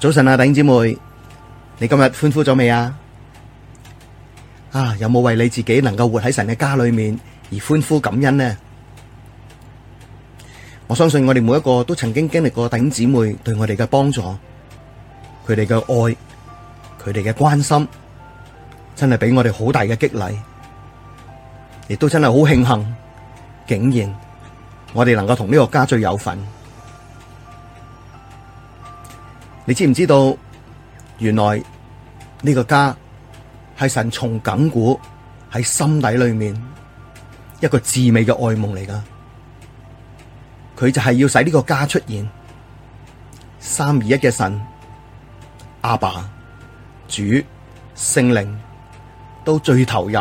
早晨啊，弟兄姊妹，你今日歡呼咗未啊？啊，有冇為你自己能夠活喺神嘅家裏面而歡呼感恩呢？我相信我哋每一個都曾經經歷過弟兄姊妹對我哋嘅幫助，佢哋嘅愛，佢哋嘅關心，真係俾我哋好大嘅激勵，亦都真係好慶幸，竟然我哋能夠同呢個家最有份。你知唔知道？原來呢個家係神從亙古喺心底裏面一個至美嘅愛夢嚟㗎，佢就係要使呢個家出現三二一嘅神，阿爸、主、聖靈都最投入，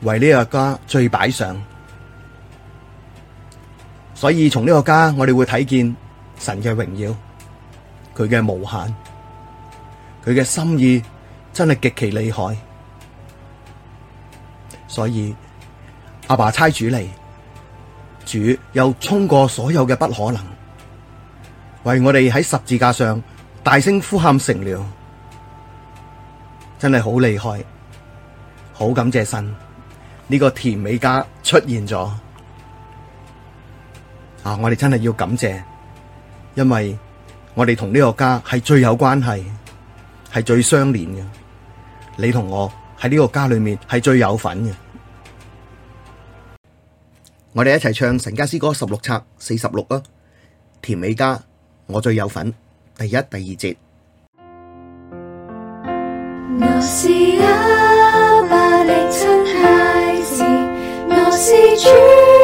為呢個家最擺上，所以從呢個家我哋會睇見神嘅榮耀。佢嘅無限，佢嘅心意真係極其厲害，所以阿爸差主嚟，主又衝過所有嘅不可能，為我哋喺十字架上大聲呼喊，成了，真係好厲害，好感謝神，呢、這個甜美家出現咗，啊！我哋真係要感謝，因為。我哋同呢個家係最有關係，係最相連嘅。你同我喺呢個家裏面係最有份嘅。我哋一齊唱《神家詩歌》十六冊四十六啊，甜美家我最有份，第一、第二節。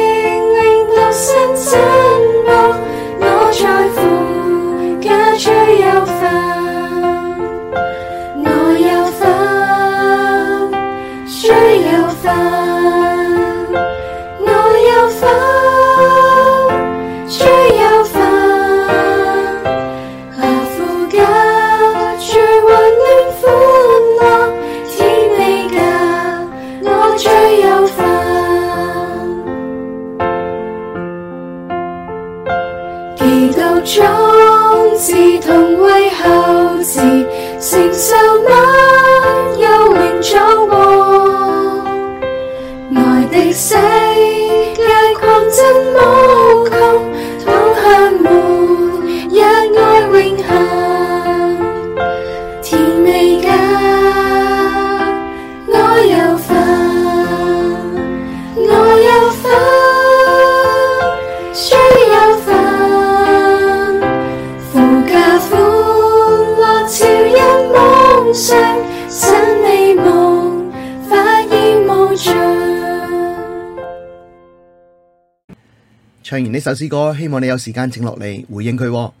呢首詩歌，希望你有時間靜落嚟回應佢，哦。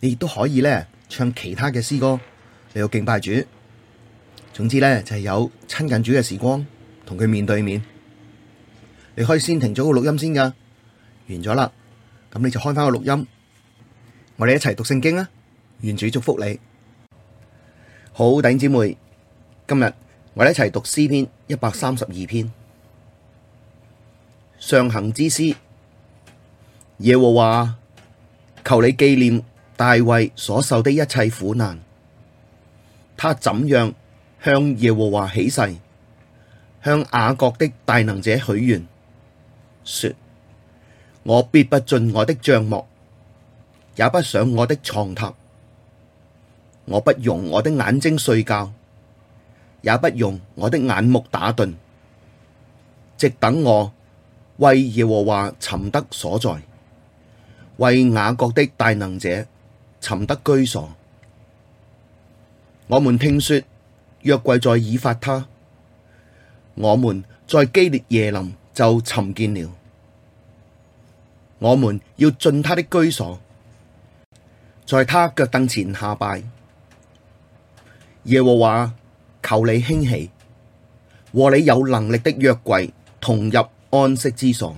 你亦都可以咧唱其他嘅詩歌，你要敬拜主。總之咧就係、是、有親近主嘅時光，同佢面對面。你可以先停咗個錄音先噶，完咗啦，咁你就開翻個錄音，我哋一齊讀聖經啊。願主祝福你，好，弟兄姊妹。今日我哋一齊讀詩篇一百三十二篇，上行之詩。耶和華，求你紀念大衛所受的一切苦難，他怎樣向耶和華起誓，向雅各的大能者許願，說：我必不進我的帳幕，也不上我的床榻，我不用我的眼睛睡覺，也不用我的眼目打盹，直等我為耶和華尋得所在。為雅各的大能者尋得居所。我們聽說約櫃在以法他，我們在基列耶琳就尋見了。我們要進他的居所，在他腳凳前下拜。耶和華，求你興起，和你有能力的約櫃同入安息之所。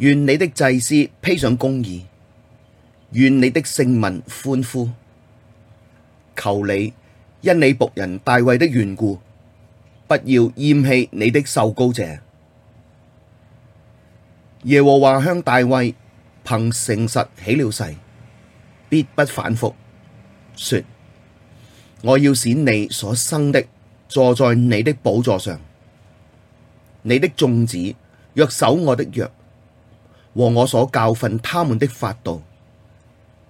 願你的祭司披上公義，願你的聖民歡呼。求你因你僕人大衛的緣故，不要厭棄你的受膏者。耶和華向大衛憑誠實起了誓，必不反覆，說：我要使你所生的坐在你的寶座上，你的眾子若守我的約。和我所教訓他們的法度，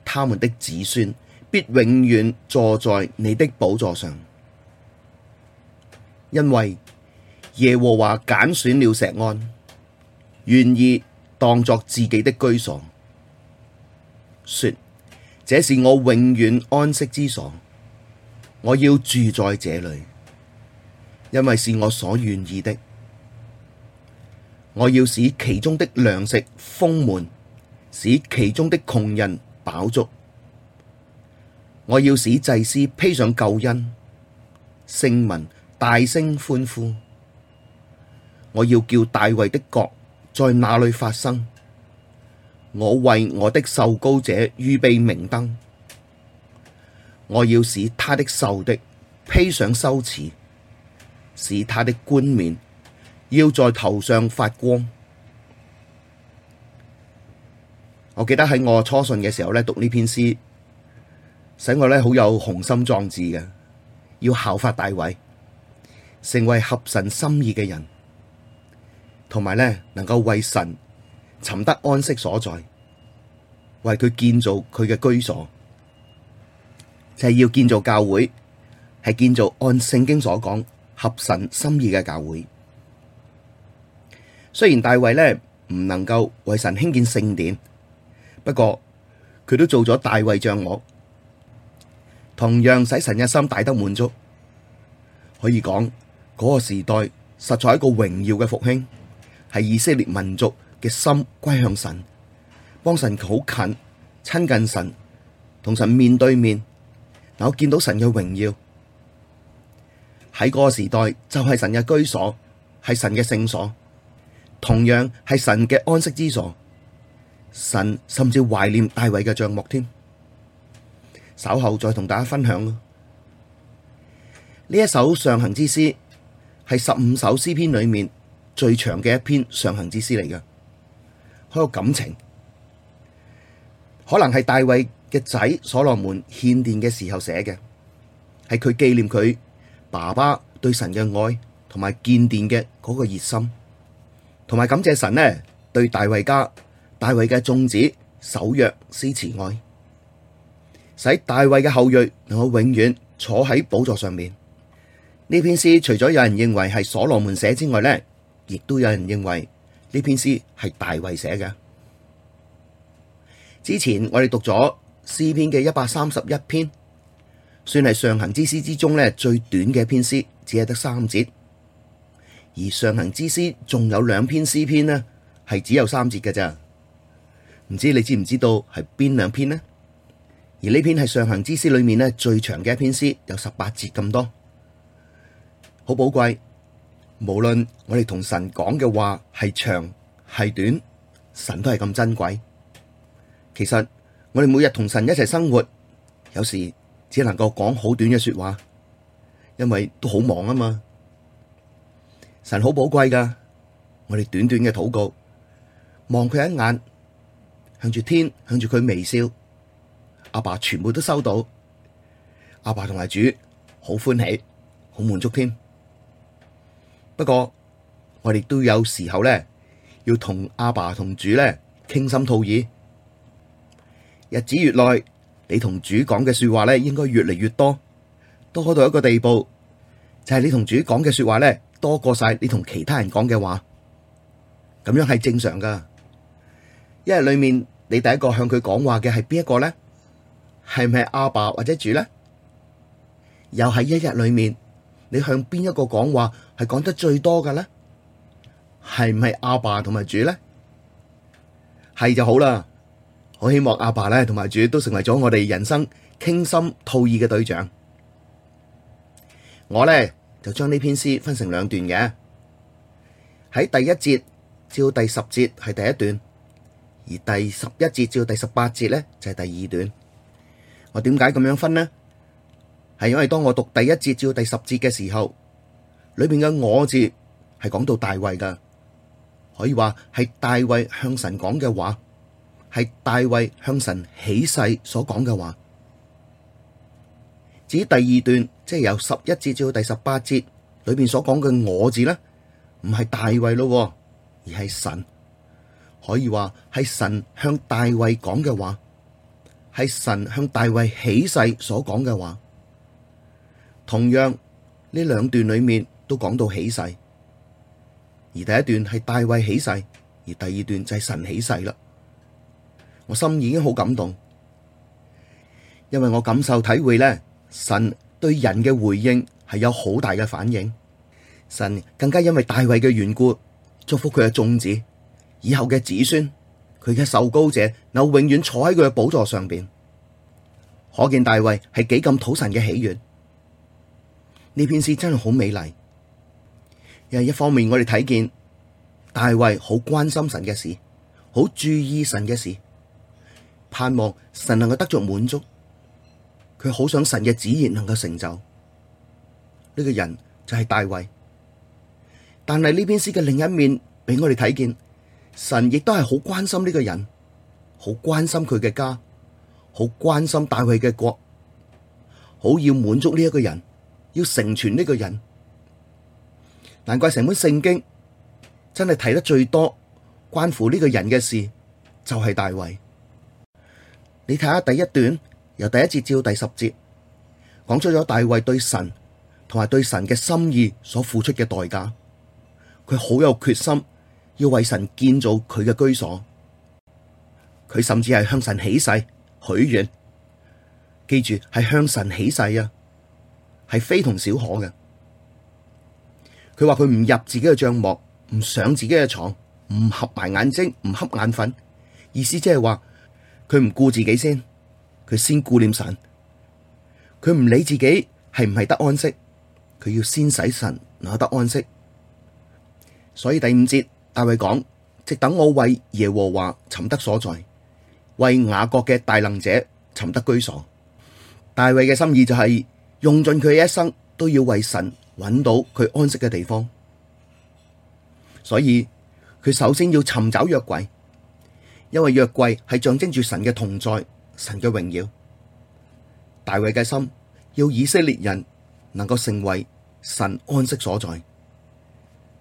他們的子孫必永遠坐在你的寶座上，因為耶和華揀選了錫安，願意當作自己的居所，說：這是我永遠安息之所，我要住在這裏，因為是我所願意的。我要使其中的糧食豐滿，使其中的窮人飽足。我要使祭司披上救恩，聖民大聲歡呼。我要叫大衛的角在那裡發生，我為我的受膏者預備明燈。我要使他的仇敵披上羞恥，使他的冠冕。要在頭上發光。我記得喺我初信嘅時候咧，讀呢篇詩，使我咧好有雄心壯志嘅，要效法大衛，成為合神心意嘅人，同埋咧能夠為神尋得安息所在，為佢建造佢嘅居所，就係要建造教會，係建造按聖經所講合神心意嘅教會。雖然大衛呢唔能夠為神興建聖殿，不過佢都做咗大衛帳幕，同樣使神嘅心大得滿足。可以講嗰、那個時代實在一個榮耀嘅復興，係以色列民族嘅心歸向神，幫神好近親近神，同神面對面。能夠見到神嘅榮耀喺嗰個時代就係、是、神嘅居所，係神嘅聖所。同樣係神嘅安息之所，神甚至懷念大衛嘅帳幕添。稍後再同大家分享咯。呢一首上行之詩係十五首詩篇裏面最長嘅一篇上行之詩嚟嘅，好有感情。可能係大衛嘅仔所羅門獻殿嘅時候寫嘅，係佢紀念佢爸爸對神嘅愛同埋建殿嘅嗰個熱心。同埋感謝神呢，對大衛家、大衛嘅眾子、守約施慈愛，使大衛嘅後裔能夠永遠坐喺寶座上面。呢篇詩除咗有人認為係所羅門寫之外，呢，亦都有人認為呢篇詩係大衛寫嘅。之前我哋讀咗詩篇嘅一百三十一篇，算係上行之詩之中呢最短嘅一篇詩，只係得三節。而上行之詩仲有兩篇詩篇呢，係只有三節嘅咋。唔知你知唔知道係邊兩篇呢？而呢篇係上行之詩裏面呢最長嘅一篇詩，有十八節咁多，好寶貴。無論我哋同神講嘅話係長係短，神都係咁珍貴。其實我哋每日同神一齊生活，有時只能夠講好短嘅說話，因為都好忙啊嘛。神好寶貴噶，我哋短短嘅禱告，望佢一眼，向住天，向住佢微笑。阿爸全部都收到，阿爸同埋主好歡喜，好滿足添。不過我哋都有時候咧，要同阿爸同主咧傾心吐意。日子越耐，你同主講嘅說話咧，應該越嚟越多，多到一個地步，就係你同主講嘅說話咧。多過晒你同其他人講嘅話，咁樣係正常噶。一日裏面，你第一個向佢講話嘅係邊一個呢？係唔係阿爸或者主呢？又喺一日裏面，你向邊一個講話係講得最多噶呢？係唔係阿爸同埋主呢？係就好啦。我希望阿爸咧同埋主都成為咗我哋人生傾心吐意嘅對象。我呢。就將呢篇詩分成兩段嘅，喺第一節照第十節係第一段，而第十一節照第十八節呢就係第二段。我點解咁樣分呢？係因為當我讀第一節照第十節嘅時候，裏面嘅我字係講到大衛噶，可以話係大衛向神講嘅話，係大衛向神起誓所講嘅話。至於第二段，即係由十一節至到第十八節，裏面所講嘅我字呢，唔係大衛咯，而係神，可以話係神向大衛講嘅話，係神向大衛起誓所講嘅話。同樣呢兩段裏面都講到起誓，而第一段係大衛起誓，而第二段就係神起誓啦。我心已經好感動，因為我感受體會呢。神對人嘅回應係有好大嘅反應，神更加因為大衛嘅緣故祝福佢嘅眾子、以後嘅子孫，佢嘅受膏者能永遠坐喺佢嘅寶座上邊。可見大衛係幾咁討神嘅喜悅。呢篇詩真係好美麗。又係一方面我，我哋睇見大衛好關心神嘅事，好注意神嘅事，盼望神能夠得着滿足。佢好想神嘅旨意能夠成就，呢個人就係大衛。但係呢篇詩嘅另一面俾我哋睇見神亦都係好關心呢個人，好關心佢嘅家，好關心大衛嘅國，好要滿足呢一個人，要成全呢個人。難怪成本聖經真係提得最多，關乎呢個人嘅事就係大衛。你睇下第一段。由第一節至到第十節，講出咗大衛對神同埋對神嘅心意所付出嘅代價。佢好有決心，要為神建造佢嘅居所。佢甚至係向神起誓許願，記住係向神起誓啊，係非同小可嘅。佢話佢唔入自己嘅帳幕，唔上自己嘅床，唔合埋眼睛，唔瞌眼瞓。意思即係話佢唔顧自己先。佢先顧念神，佢唔理自己係唔係得安息，佢要先使神拿得安息。所以第五節大衛講：直等我為耶和華尋得所在，為雅各嘅大能者尋得居所。大衛嘅心意就係用盡佢一生都要為神揾到佢安息嘅地方。所以佢首先要尋找約櫃，因為約櫃係象徵住神嘅同在。神嘅榮耀，大衛嘅心要以色列人能夠成為神安息所在，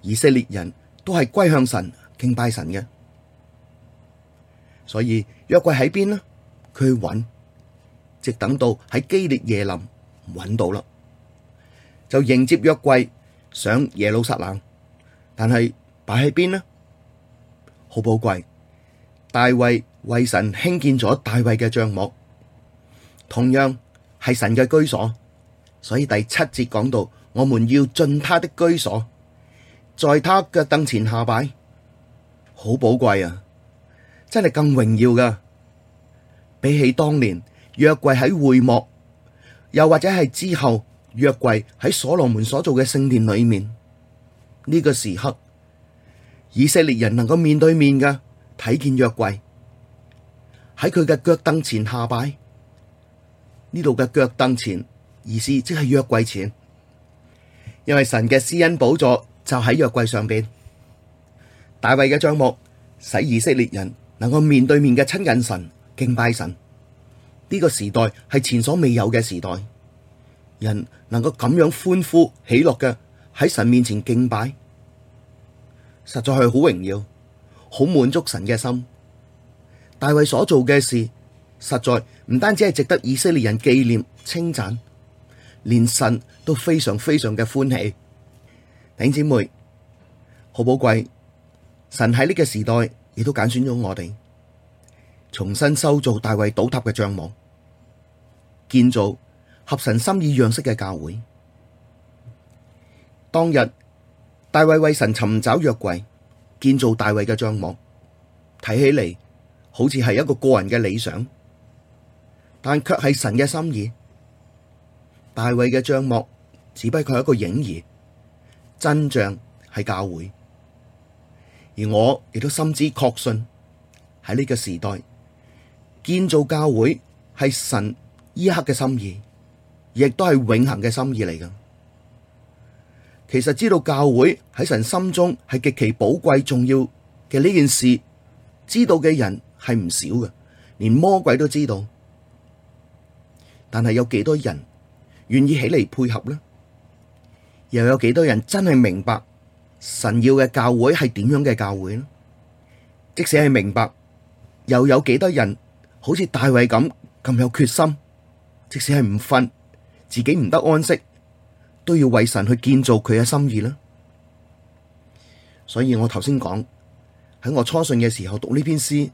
以色列人都係歸向神敬拜神嘅，所以約櫃喺邊呢？佢去揾，直等到喺基列耶琳揾到啦，就迎接約櫃上耶路撒冷，但係擺喺邊呢？好寶貴，大衛。為神興建咗大衛嘅帳幕，同樣係神嘅居所，所以第七節講到，我們要進他的居所，在他腳凳前下拜，好寶貴啊！真係更榮耀噶，比起當年約櫃喺會幕，又或者係之後約櫃喺所羅門所做嘅聖殿裏面，呢個時刻以色列人能夠面對面嘅睇見約櫃。喺佢嘅腳凳前下拜，呢度嘅腳凳前，而是即係約櫃前，因為神嘅施恩寶座就喺約櫃上邊。大衛嘅帳幕，使以色列人能夠面對面嘅親近神、敬拜神。呢、呢個時代係前所未有嘅時代，人能夠咁樣歡呼喜樂嘅喺神面前敬拜，實在係好榮耀、好滿足神嘅心。大衛所做嘅事，實在唔單止係值得以色列人紀念稱讚，連神都非常非常嘅歡喜。弟兄姊妹，好寶貴，神喺呢個時代亦都揀選咗我哋，重新修造大衛倒塌嘅帳幕，建造合神心意樣式嘅教會。當日大衛為神尋找約櫃，建造大衛嘅帳幕，睇起嚟。好似係一個個人嘅理想，但卻係神嘅心意。大衛嘅帳幕只不過係一個影兒，真相係教會。而我亦都深知確信喺呢個時代建造教會係神依刻嘅心意，亦都係永恆嘅心意嚟噶。其實知道教會喺神心中係極其寶貴重要嘅呢件事，知道嘅人。係唔少嘅，連魔鬼都知道。但係有幾多人願意起嚟配合呢？又有幾多人真係明白神要嘅教會係點樣嘅教會呢？即使係明白，又有幾多人好似大衛咁咁有決心？即使係唔瞓，自己唔得安息，都要為神去建造佢嘅心意呢？所以我頭先講，喺我初信嘅時候讀呢篇詩。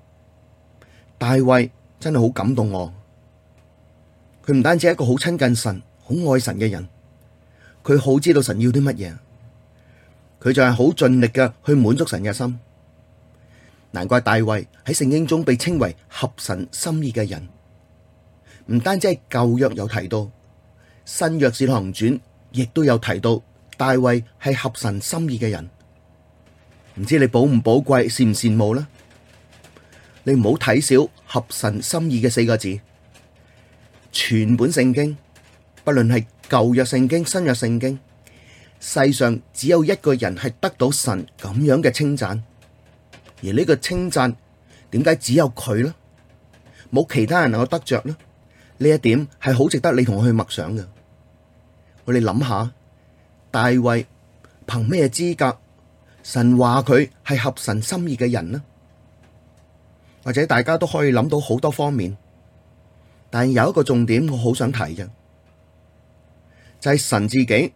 大衛真係好感動我，佢唔單止係一個好親近神、好愛神嘅人，佢好知道神要啲乜嘢，佢就係好盡力嘅去滿足神嘅心。難怪大衛喺聖經中被稱為合神心意嘅人，唔單止係舊約有提到，新約使行傳亦都有提到大衛係合神心意嘅人。唔知你寶唔寶貴，羨唔羨慕呢？你唔好睇小「合神心意」嘅四個字，全本聖經不論係舊約聖經、新約聖經，世上只有一個人係得到神咁樣嘅稱讚，而呢個稱讚點解只有佢咧？冇其他人能夠得着呢？呢一點係好值得你同我去默想嘅。我哋諗下，大衛憑咩資格？神話佢係合神心意嘅人呢？或者大家都可以諗到好多方面，但係有一個重點，我好想提嘅，就係神自己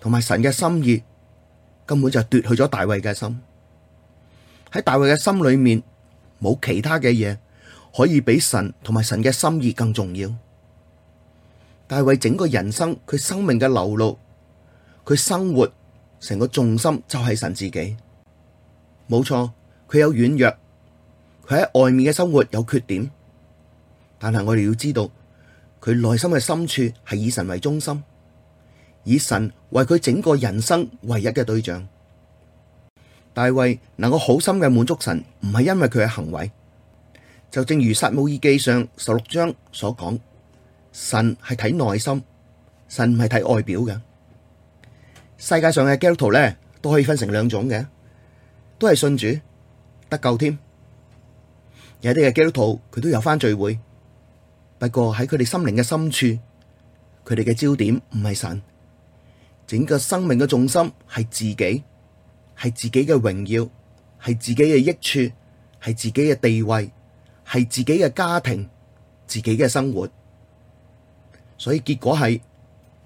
同埋神嘅心意根本就奪去咗大衛嘅心。喺大衛嘅心裏面，冇其他嘅嘢可以比神同埋神嘅心意更重要。大衛整個人生，佢生命嘅流露，佢生活成個重心就係神自己。冇錯，佢有軟弱。佢喺外面嘅生活有缺點，但係我哋要知道佢內心嘅深處係以神為中心，以神為佢整個人生唯一嘅對象。大衛能夠好心嘅滿足神，唔係因為佢嘅行為，就正如撒母耳記上十六章所講，神係睇內心，神唔係睇外表嘅。世界上嘅基督徒咧都可以分成兩種嘅，都係信主得救添。有啲嘅基督徒佢都有返聚會，不過喺佢哋心靈嘅深處，佢哋嘅焦點唔係神，整個生命嘅重心係自己，係自己嘅榮耀，係自己嘅益處，係自己嘅地位，係自己嘅家庭，自己嘅生活。所以結果係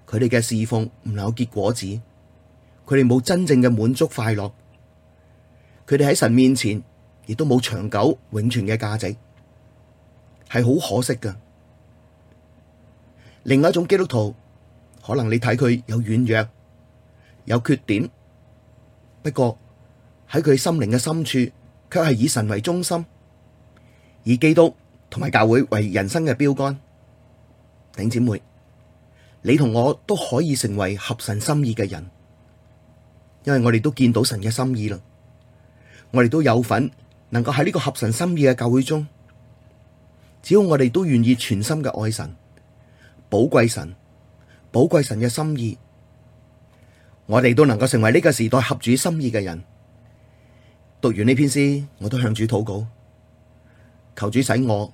佢哋嘅侍奉，唔能有結果子，佢哋冇真正嘅滿足快樂，佢哋喺神面前，亦都冇長久永存嘅價值，係好可惜噶。另外一種基督徒，可能你睇佢有軟弱、有缺點，不過喺佢心靈嘅深處，卻係以神為中心，以基督同埋教會為人生嘅標杆。頂姐妹，你同我都可以成為合神心意嘅人，因為我哋都見到神嘅心意啦，我哋都有份。能夠喺呢個合神心意嘅教會中，只要我哋都願意全心嘅愛神、寶貴神、寶貴神嘅心意，我哋都能夠成為呢個時代合主心意嘅人。讀完呢篇詩，我都向主禱告，求主使我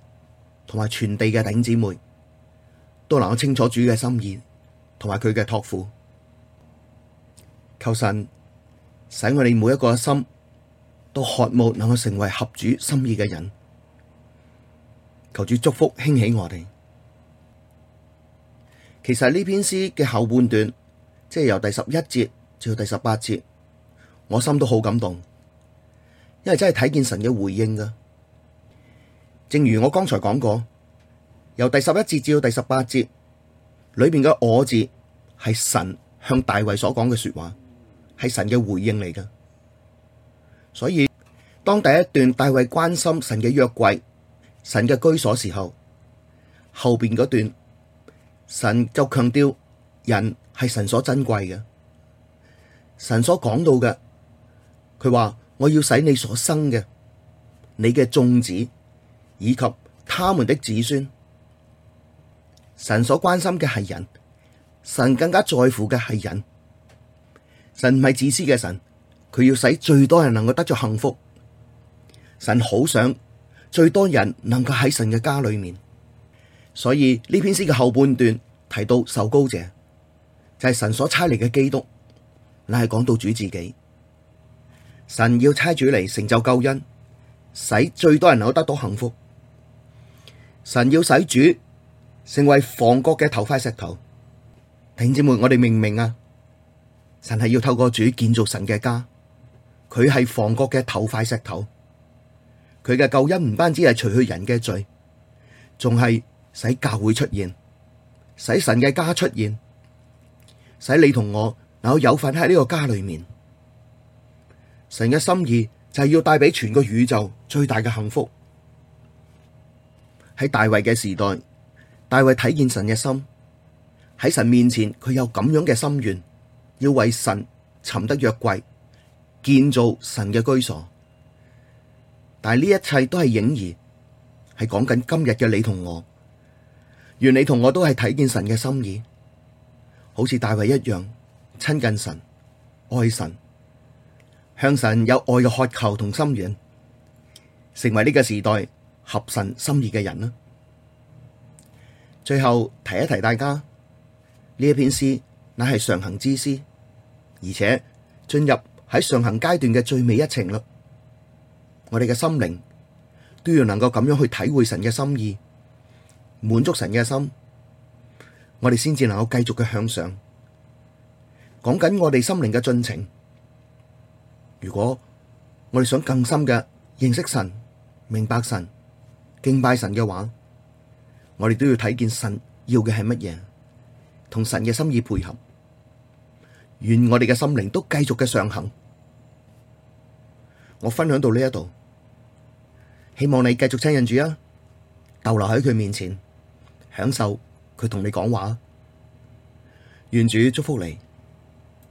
同埋全地嘅弟兄姊妹都能夠清楚主嘅心意同埋佢嘅託付。求神使我哋每一個心。都渴望能夠成為合主心意嘅人，求主祝福興起我哋。其實呢篇詩嘅後半段，即係由第十一節至到第十八節，我心都好感動，因為真係睇見神嘅回應噶。正如我剛才講過，由第十一節至到第十八節，裏面嘅我字係神向大衛所講嘅說話，係神嘅回應嚟噶。所以，當第一段大衛關心神嘅約櫃、神嘅居所時候，後邊嗰段神就強調人係神所珍貴嘅。神所講到嘅，佢話我要使你所生嘅、你嘅眾子以及他們的子孫，神所關心嘅係人，神更加在乎嘅係人。神唔係自私嘅神。佢要使最多人能夠得着幸福，神好想最多人能夠喺神嘅家裏面，所以呢篇詩嘅後半段提到受膏者，就係神所差嚟嘅基督，乃係講到主自己。神要差主嚟成就救恩，使最多人能夠得到幸福。神要使主成為房角嘅頭塊石頭，弟兄姊妹，我哋明唔明啊？神係要透過主建造神嘅家。佢係房角嘅頭塊石頭，佢嘅救恩唔單止係除去人嘅罪，仲係使教會出現，使神嘅家出現，使你同我能夠有份喺呢個家裏面。神嘅心意就係要帶俾全個宇宙最大嘅幸福。喺大衛嘅時代，大衛睇見神嘅心，喺神面前佢有咁樣嘅心願，要為神尋得約櫃。建造神嘅居所，但係呢一切都係影兒，係講緊今日嘅你同我。願你同我都係睇見神嘅心意，好似大衛一樣親近神、愛神，向神有愛嘅渴求同心願，成為呢個時代合神心意嘅人啦。最後提一提大家呢一篇詩，乃係上行之詩，而且進入。喺上行階段嘅最美一程啦，我哋嘅心靈都要能夠咁樣去體會神嘅心意，滿足神嘅心，我哋先至能夠繼續嘅向上。講緊我哋心靈嘅進程。如果我哋想更深嘅認識神、明白神、敬拜神嘅話，我哋都要睇見神要嘅係乜嘢，同神嘅心意配合。願我哋嘅心靈都繼續嘅上行。我分享到呢一度，希望你繼續親近主啊，逗留喺佢面前，享受佢同你講話。願主祝福你。